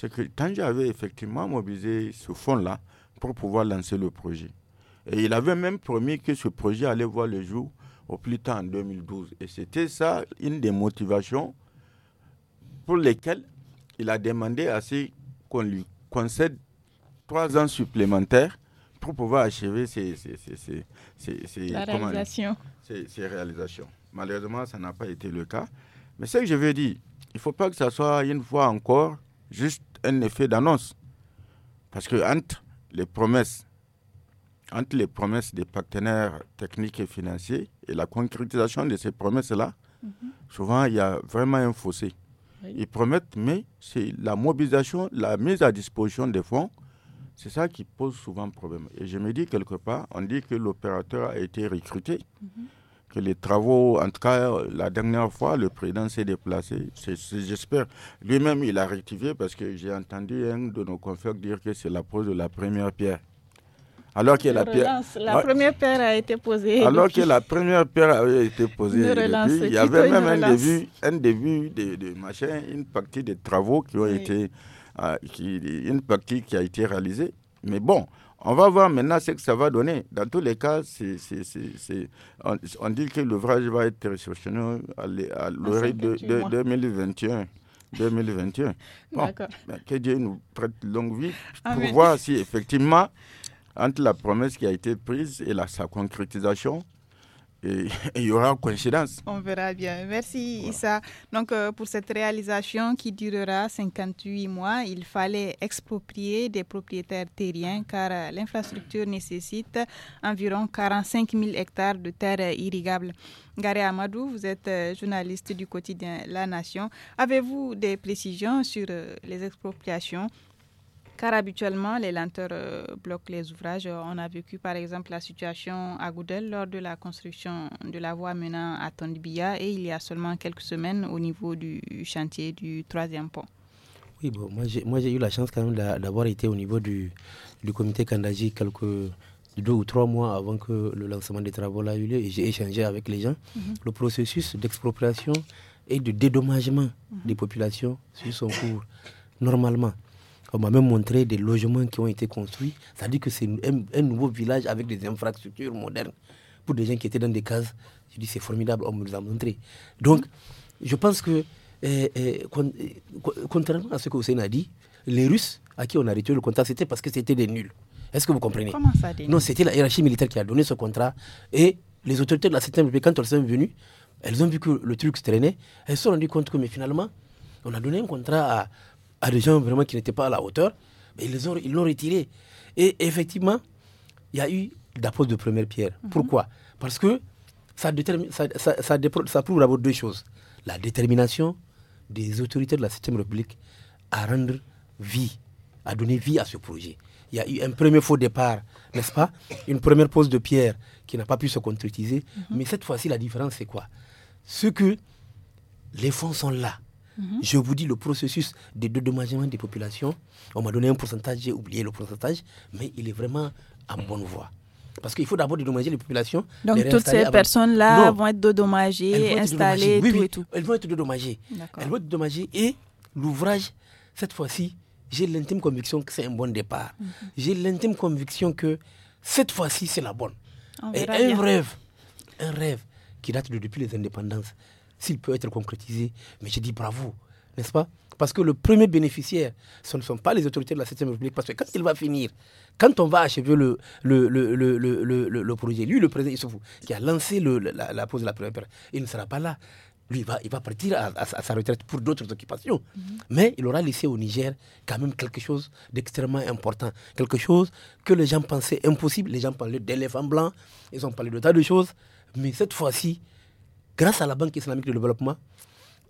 c'est que Tanja avait effectivement mobilisé ce fonds-là pour pouvoir lancer le projet. Et il avait même promis que ce projet allait voir le jour au plus tard en 2012. Et c'était ça une des motivations pour lesquelles il a demandé à ce qu'on lui concède trois ans supplémentaires pour pouvoir achever ces... réalisations. Malheureusement, ça n'a pas été le cas. Mais ce que je veux dire, il ne faut pas que ce soit une fois encore juste un effet d'annonce. Parce que entre les promesses, entre les promesses des partenaires techniques et financiers et la concrétisation de ces promesses-là, mhm. souvent il y a vraiment un fossé. Ils promettent, mais c'est la mobilisation, la mise à disposition des fonds, c'est ça qui pose souvent problème. Et je me dis quelque part, on dit que l'opérateur a été recruté. Mhm que les travaux, en tout cas, la dernière fois, le président s'est déplacé. J'espère. Lui-même, il a rectifié parce que j'ai entendu un de nos confrères dire que c'est la pose de la première pierre. Alors que la, pierre, ah. la première pierre a été posée. Alors que la première pierre avait été posée. il y avait même un début, un début de, machin, une partie des travaux qui ont été, ah, une partie qui a été réalisée. Mais bon, on va voir maintenant ce que ça va donner. Dans tous les cas, on, dit que l'ouvrage va être réceptionné à, l'horizon de, 2021. 2021. *laughs* Bon, que Dieu nous prête longue vie ah, pour voir si effectivement, entre la promesse qui a été prise et la, sa concrétisation, *laughs* il y aura coïncidence. On verra bien. Merci Issa. Donc euh, pour cette réalisation qui durera 58 mois, il fallait exproprier des propriétaires terriens car euh, l'infrastructure nécessite environ 45 000 hectares de terres irrigables. Garé Amadou, vous êtes euh, journaliste du quotidien La Nation. Avez-vous des précisions sur les expropriations car habituellement, les lenteurs euh, bloquent les ouvrages. On a vécu par exemple la situation à Goudel lors de la construction de la voie menant à Tondibia et il y a seulement quelques semaines au niveau du chantier du troisième pont. Oui, bon, moi j'ai eu la chance quand même d'avoir été au niveau du, comité Kandaji quelques deux ou trois mois avant que le lancement des travaux là eu lieu et j'ai échangé avec les gens. Mhm. Le processus d'expropriation et de dédommagement mhm. des populations sur son cours normalement. On m'a même montré des logements qui ont été construits. Ça dit que c'est un, nouveau village avec des infrastructures modernes pour des gens qui étaient dans des cases. Je dis c'est formidable, on me les a montrés. Donc, je pense que, eh, eh, eh, contrairement à ce que Hussein a dit, les Russes à qui on a retiré le contrat, c'était parce que c'était des nuls. Est-ce que vous comprenez Comment ça, Non, c'était la hiérarchie militaire qui a donné ce contrat. Et les autorités de la 7 République, quand elles sont venues, elles ont vu que le truc se traînait. Elles se sont rendues compte que, mais finalement, on a donné un contrat à, à des gens vraiment qui n'étaient pas à la hauteur, mais ils l'ont retiré. Et effectivement, il y a eu la pose de première pierre. Mhm. Pourquoi Parce que ça, prouve d'abord deux choses. La détermination des autorités de la 7 République à rendre vie, à donner vie à ce projet. Il y a eu un premier faux départ, n'est-ce pas Une première pose de pierre qui n'a pas pu se concrétiser. Mhm. Mais cette fois-ci, la différence, c'est quoi Ce que les fonds sont là. Mhm. Je vous dis le processus de dédommagement des populations. On m'a donné un pourcentage, j'ai oublié le pourcentage, mais il est vraiment en bonne voie. Parce qu'il faut d'abord dédommager les populations. Donc toutes ces personnes-là vont être dédommagées, installées, tout et Elles vont être dédommagées. Elles vont être dédommagées et l'ouvrage, cette fois-ci, j'ai l'intime conviction que c'est un bon départ. Mhm. J'ai l'intime conviction que cette fois-ci, c'est la bonne. et un rêve, un rêve qui date depuis les indépendances, s'il peut être concrétisé. Mais je dis bravo, n'est-ce pas Parce que le premier bénéficiaire, ce ne sont pas les autorités de la 7 ème République. Parce que quand il va finir, quand on va achever le, le, le, projet, lui, le président Issoufou, qui a lancé la, la, pose de la première période, il ne sera pas là. Lui, il va, il va partir à, sa retraite pour d'autres occupations. Mm-hmm. Mais il aura laissé au Niger quand même quelque chose d'extrêmement important. Quelque chose que les gens pensaient impossible. Les gens parlaient d'éléphants blancs, ils ont parlé de tas de choses. Mais cette fois-ci, grâce à la Banque islamique de développement,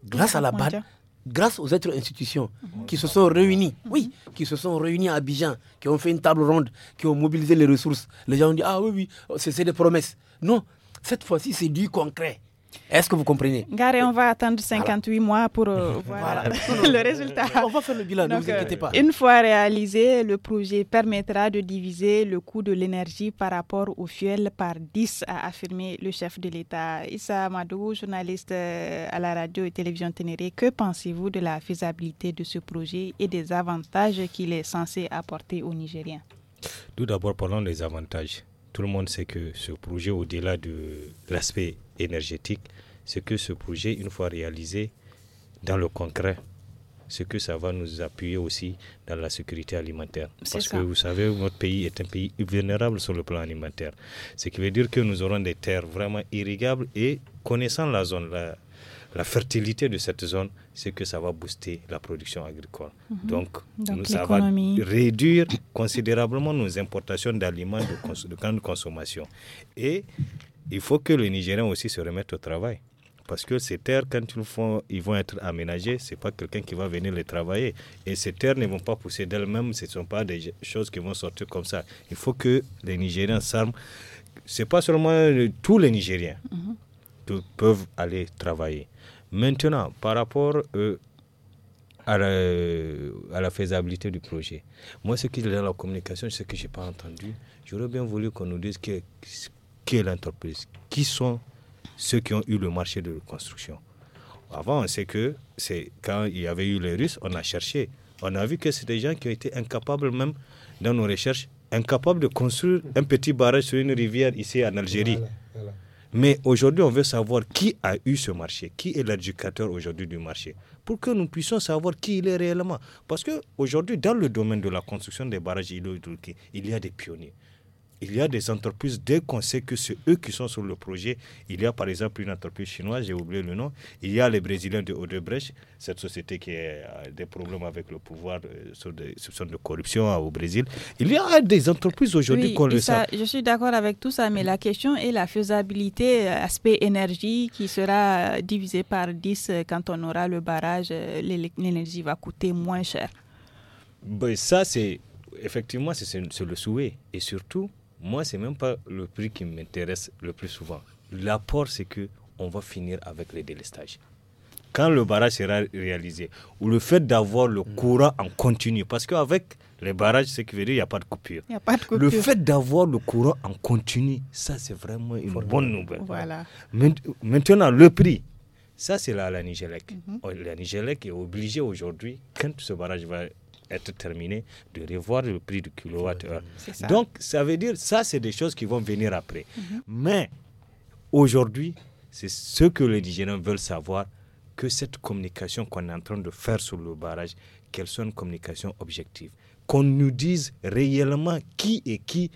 grâce à la BAD, grâce aux autres institutions qui se sont réunies, mhm. oui, qui se sont réunies à Abidjan, qui ont fait une table ronde, qui ont mobilisé les ressources. Les gens ont dit, ah oui, oui, c'est des promesses. Non, cette fois-ci, c'est du concret. Est-ce que vous comprenez Gare, on va attendre 58 mois pour euh, voir *laughs* le résultat. On va faire le bilan, ne vous euh, inquiétez pas. Une fois réalisé, le projet permettra de diviser le coût de l'énergie par rapport au fuel par 10, a affirmé le chef de l'État. Issa Amadou, journaliste euh, à la radio et télévision Ténéré, que pensez-vous de la faisabilité de ce projet et des avantages qu'il est censé apporter aux Nigériens Tout d'abord, parlons des avantages. Tout le monde sait que ce projet, au-delà de l'aspect énergétique, ce que ce projet, une fois réalisé dans le concret, ce que ça va nous appuyer aussi dans la sécurité alimentaire. Parce que vous savez, notre pays est un pays vulnérable sur le plan alimentaire. Ce qui veut dire que nous aurons des terres vraiment irrigables et connaissant la zone, la, fertilité de cette zone, c'est que ça va booster la production agricole. Mhm. Donc, ça va réduire considérablement nos importations d'aliments de, de grande consommation. Et il faut que les Nigériens aussi se remettent au travail. Parce que ces terres, quand ils, font, ils vont être aménagées, ce n'est pas quelqu'un qui va venir les travailler. Et ces terres ne vont pas pousser d'elles-mêmes, ce ne sont pas des choses qui vont sortir comme ça. Il faut que les Nigériens s'arment. Ce n'est pas seulement euh, tous les Nigériens qui mhm. peuvent aller travailler. Maintenant, par rapport euh, euh, à, la, faisabilité du projet, moi, ce qui est dans la communication, ce que je n'ai pas entendu, j'aurais bien voulu qu'on nous dise que est l'entreprise, qui sont ceux qui ont eu le marché de construction Avant, on sait que c'est quand il y avait eu les Russes, on a cherché. On a vu que c'est des gens qui ont été incapables même dans nos recherches, incapables de construire un petit barrage sur une rivière ici en Algérie. Mais aujourd'hui, on veut savoir qui a eu ce marché, qui est l'éducateur aujourd'hui du marché, pour que nous puissions savoir qui il est réellement. Parce qu'aujourd'hui, dans le domaine de la construction des barrages hydroélectriques, il y a des pionniers il y a des entreprises, dès qu'on sait que c'est eux qui sont sur le projet, il y a par exemple une entreprise chinoise, j'ai oublié le nom, il y a les Brésiliens de Odebrecht, cette société qui a euh, des problèmes avec le pouvoir euh, sur des soupçons de corruption hein, au Brésil. Il y a des entreprises aujourd'hui qu'on le sait. Je suis d'accord avec tout ça, mais la question est la faisabilité, euh, aspect énergie qui sera divisé par 10 quand on aura le barrage, l'énergie va coûter moins cher. Ben, ça, c'est effectivement, c'est le souhait. Et surtout, moi, c'est même pas le prix qui m'intéresse le plus souvent. L'apport, c'est que on va finir avec les délestages. Quand le barrage sera réalisé, ou le fait d'avoir le mm. courant en continu, parce qu'avec les barrages, ce qui veut dire qu'il n'y a pas de coupure. Il a pas Le fait d'avoir le courant en continu, ça c'est vraiment une bonne nouvelle. Maintenant, le prix, ça c'est là la Nigélec. La Nigélec mm-hmm. oh, est obligée aujourd'hui, quand ce barrage va être terminé, de revoir le prix du kilowattheure. Donc, ça veut dire, ça, c'est des choses qui vont venir après. Mhm. Mais aujourd'hui, c'est ce que les Nigériens veulent savoir, que cette communication qu'on est en train de faire sur le barrage, qu'elle soit une communication objective. Qu'on nous dise réellement qui et qui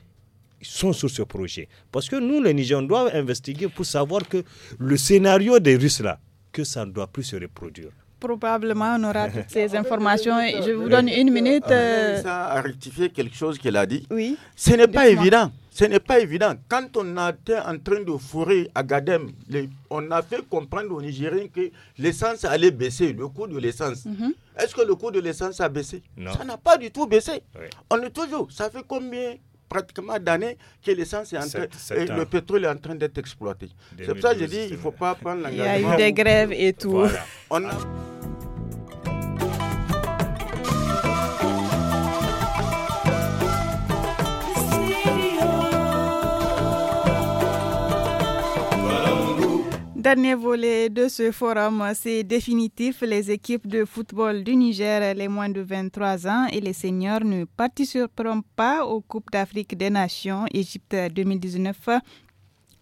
sont sur ce projet. Parce que nous, les on doivent investiguer pour savoir que le scénario des Russes, là, que ça ne doit plus se reproduire probablement on aura toutes ces *laughs* informations. Je vous donne une minute. Ah, euh, ça a rectifié quelque chose qu'elle a dit. Oui. Ce n'est pas évident. Ce n'est pas évident. Quand on était en train de fourrer à Gadem, on a fait comprendre aux Nigériens que l'essence allait baisser, le coût de l'essence. Mhm. Est-ce que le coût de l'essence a baissé Ça n'a pas du tout baissé. On est toujours. Ça fait combien pratiquement d'années que l'essence est en train, euh, le pétrole est en train d'être exploité. C'est pour ça que je dis, il ne faut pas prendre l'engagement. Il y a eu des grèves et tout. On a... Dernier volet de ce forum, c'est définitif. Les équipes de football du Niger, les moins de 23 ans et les seniors ne participeront pas aux Coupes d'Afrique des Nations Égypte 2019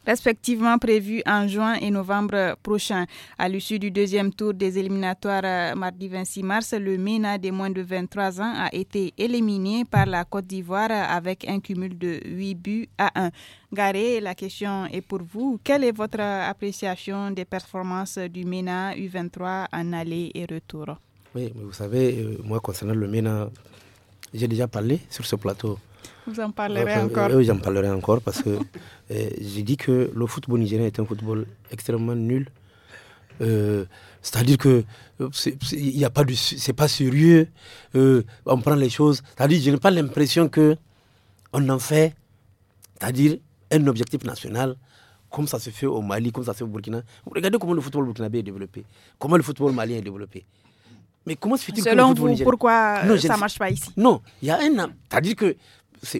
respectivement prévus en juin et novembre prochain. À l'issue du deuxième tour des éliminatoires euh, mardi 26 mars, le MENA des moins de 23 ans a été éliminé par la Côte d'Ivoire avec un cumul de 8 buts à 1. Garé, la question est pour vous. Quelle est votre appréciation des performances du MENA U23 en aller et retour Oui, vous savez, euh, moi concernant le MENA, j'ai déjà parlé sur ce plateau. Vous en parlerez encore. Euh, oui, j'en parlerai encore parce que *laughs* euh, j'ai dit que le football nigérien est un football extrêmement nul. Euh, c'est-à-dire que il n'y a pas du c'est pas sérieux. on prend les choses. C'est-à-dire, je n'ai pas l'impression que on en fait, c'est-à-dire un objectif national, comme ça se fait au Mali, comme ça se fait au Burkina. Regardez comment le football burkinabé est développé, comment le football malien est développé. Mais comment se fait-il que le vous, pourquoi ça ne marche pas ici Non, il y a un, c'est-à-dire que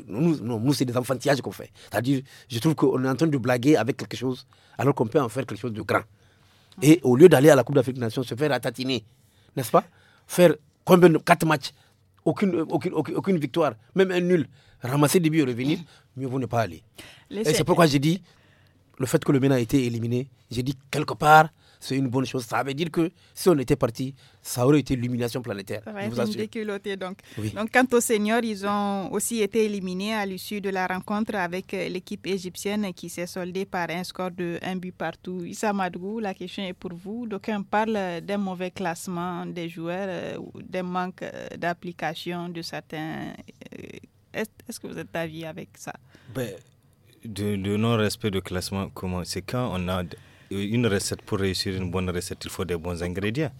nous, non, nous c'est des enfantillages qu'on fait. C'est-à-dire, je trouve qu'on est en train de blaguer avec quelque chose, alors qu'on peut en faire quelque chose de grand. Et au lieu d'aller à la Coupe d'Afrique des Nations, se faire attatiner, n'est-ce pas Faire combien de quatre matchs, aucune, aucune, aucune, victoire, même un nul, ramasser des buts et revenir, mieux vaut ne pas aller. Et c'est pourquoi j'ai dit, le fait que le MENA a été éliminé, j'ai dit quelque part, c'est une bonne chose. Ça veut dire que si on était parti, ça aurait été l'illumination planétaire. Ça vous donc. donc, quant aux seniors, ils ont aussi été éliminés à l'issue de la rencontre avec euh, l'équipe égyptienne qui s'est soldée par un score de 1 but partout. Issa Madgou, la question est pour vous. D'aucuns parlent euh, d'un mauvais classement des joueurs, euh, d'un manque d'application de certains. Est-ce que vous êtes d'avis avec ça ben, de, de non-respect de classement, comment C'est quand on a euh, une recette, pour réussir une bonne recette, il faut des bons ingrédients.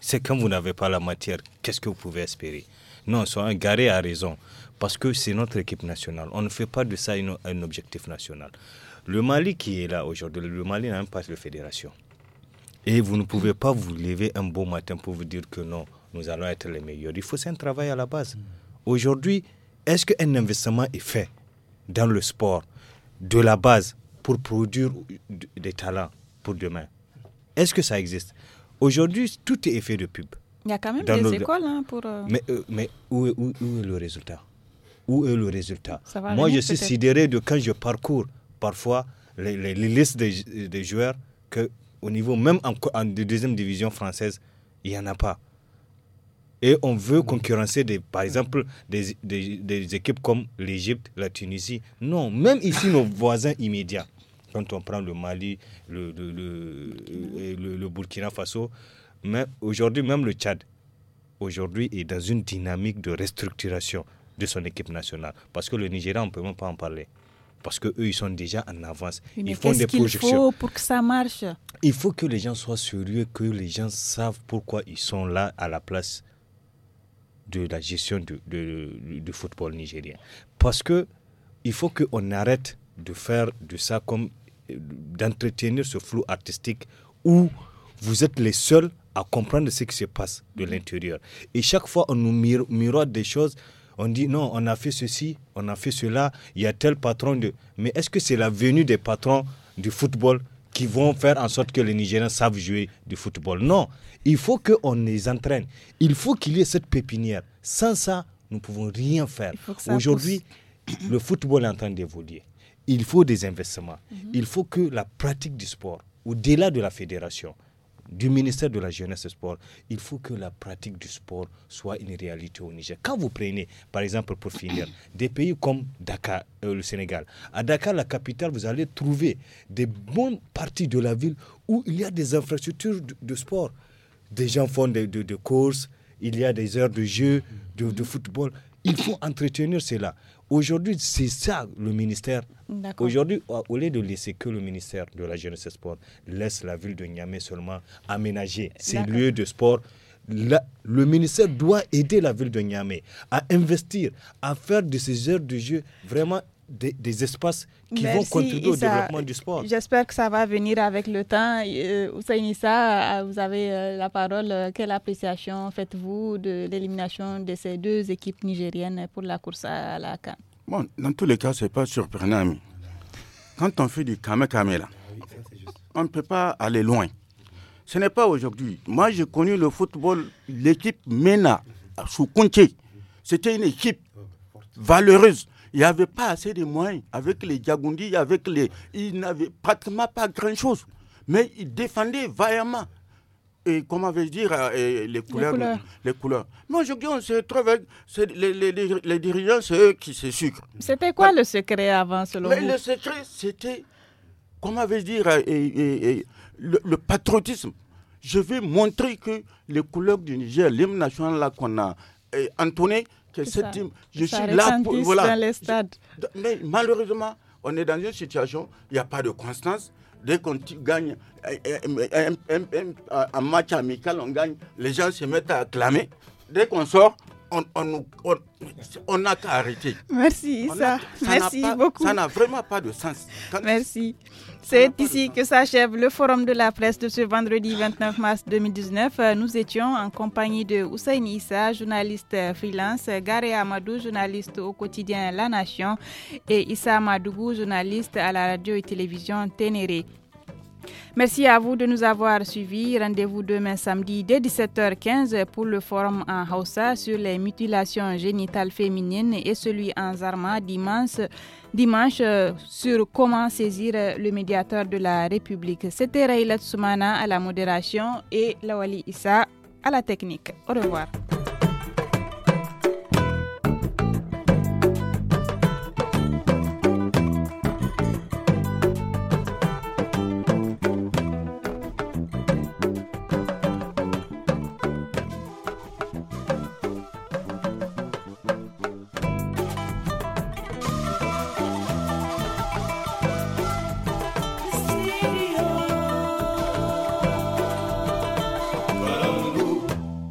C'est quand vous n'avez pas la matière, qu'est-ce que vous pouvez espérer Non, un garé a raison, parce que c'est notre équipe nationale. On ne fait pas de ça un objectif national. Le Mali qui est là aujourd'hui, le Mali n'a même pas de fédération. Et vous ne pouvez pas vous lever un beau matin pour vous dire que non, nous allons être les meilleurs. Il faut un travail à la base. Aujourd'hui, est-ce qu'un investissement est fait dans le sport de la base pour produire des talents pour demain. Est-ce que ça existe Aujourd'hui, tout est effet de pub. Il y a quand même des écoles hein, pour... Euh, mais, euh, où, est, le résultat Où est le résultat Moi, je suis sidéré de quand je parcours parfois les, listes des, joueurs que au niveau même en, deuxième division française, il n'y en a pas. Et on veut concurrencer, des, par exemple, des, des équipes comme l'Égypte, la Tunisie. Non, même ici, nos voisins immédiats quand on prend le Mali, euh, le, le, Burkina Faso, mais aujourd'hui même le Tchad, aujourd'hui est dans une dynamique de restructuration de son équipe nationale. Parce que le Nigeria, on ne peut même pas en parler. Parce qu'eux, ils sont déjà en avance. ils font des projections. Il faut pour que ça marche. Il faut que les gens soient sérieux, que les gens savent pourquoi ils sont là à la place de la gestion du, de, du football nigérien. Parce que il faut qu'on arrête de faire de ça comme d'entretenir ce flou artistique où vous êtes les seuls à comprendre ce qui se passe de l'intérieur. Et chaque fois, on nous miro miroite des choses. On dit non, on a fait ceci, on a fait cela, il y a tel patron de. Mais est-ce que c'est la venue des patrons du football qui vont faire en sorte que les Nigériens savent jouer du football Non, il faut qu'on les entraîne. Il faut qu'il y ait cette pépinière. Sans ça, nous ne pouvons rien faire. Aujourd'hui, le football est en train d'évoluer il faut des investissements. Mhm. Il faut que la pratique du sport, au-delà de la fédération, du ministère de la Jeunesse et Sport, il faut que la pratique du sport soit une réalité au Niger. Quand vous prenez, par exemple, pour finir, *coughs* des pays comme Dakar, euh, le Sénégal, à Dakar, la capitale, vous allez trouver des bonnes parties de la ville où il y a des infrastructures de, sport. Des gens font des courses, il y a des heures de jeu, de mhm. football. Il faut entretenir cela. Aujourd'hui, c'est ça le ministère. Aujourd'hui, au lieu de laisser que le ministère de la Jeunesse et Sport laisse la ville de Niamey seulement aménager ces lieux de sport, le ministère doit aider la ville de Niamey à investir, à faire de ces heures de jeu vraiment des, espaces qui vont contribuer au développement du sport. J'espère que ça va venir avec le temps. Hussein euh, Issa, euh, vous avez euh, la parole. Quelle appréciation faites-vous de l'élimination de ces deux équipes nigériennes pour la course à la can. Bon, dans tous les cas, ce n'est pas surprenant. quand on fait du kame on ne peut pas aller loin. Ce n'est pas aujourd'hui. Moi, j'ai connu le football, l'équipe MENA, sous C'était une équipe valeureuse il n'y avait pas assez de moyens. Avec les Diagondis. avec les. Ils n'avaient pratiquement pas grand-chose. Mais ils défendaient vaillamment. Et comment vais-je dire euh, les, couleurs, les couleurs. Mais aujourd'hui, on se retrouve les, dirigeants, c'est eux qui se sucrent. C'était quoi bah, le secret avant, selon le, vous Le secret, c'était, comment vais-je dire, euh, le, patriotisme je vais montrer que les couleurs du Niger, l'hymne national qu'on a euh, entonné, que je suis là pour, voilà. Dans Mais malheureusement, on est dans une situation, il n'y a pas de constance. Dès qu'on gagne un match amical, on gagne, les gens se mettent à acclamer. Dès qu'on sort, on, on, n'a qu'à arrêter. Merci, Issa. Merci beaucoup. Ça n'a vraiment pas de sens. Merci. C'est ici que s'achève le forum de la presse de ce vendredi 29 mars 2019. Euh, nous étions en compagnie de Hussein Issa, journaliste euh, freelance, euh, Gare Amadou, journaliste au quotidien La Nation, et Issa Madougou, journaliste à la radio et télévision Ténéré. Merci à vous de nous avoir suivis. Rendez-vous demain samedi dès 17h15 pour le forum en Hausa sur les mutilations génitales féminines et celui en Zarma dimanche, euh, sur comment saisir euh, le médiateur de la République. C'était Raïla Soumana à la modération et Lawali Issa à la technique. Au revoir.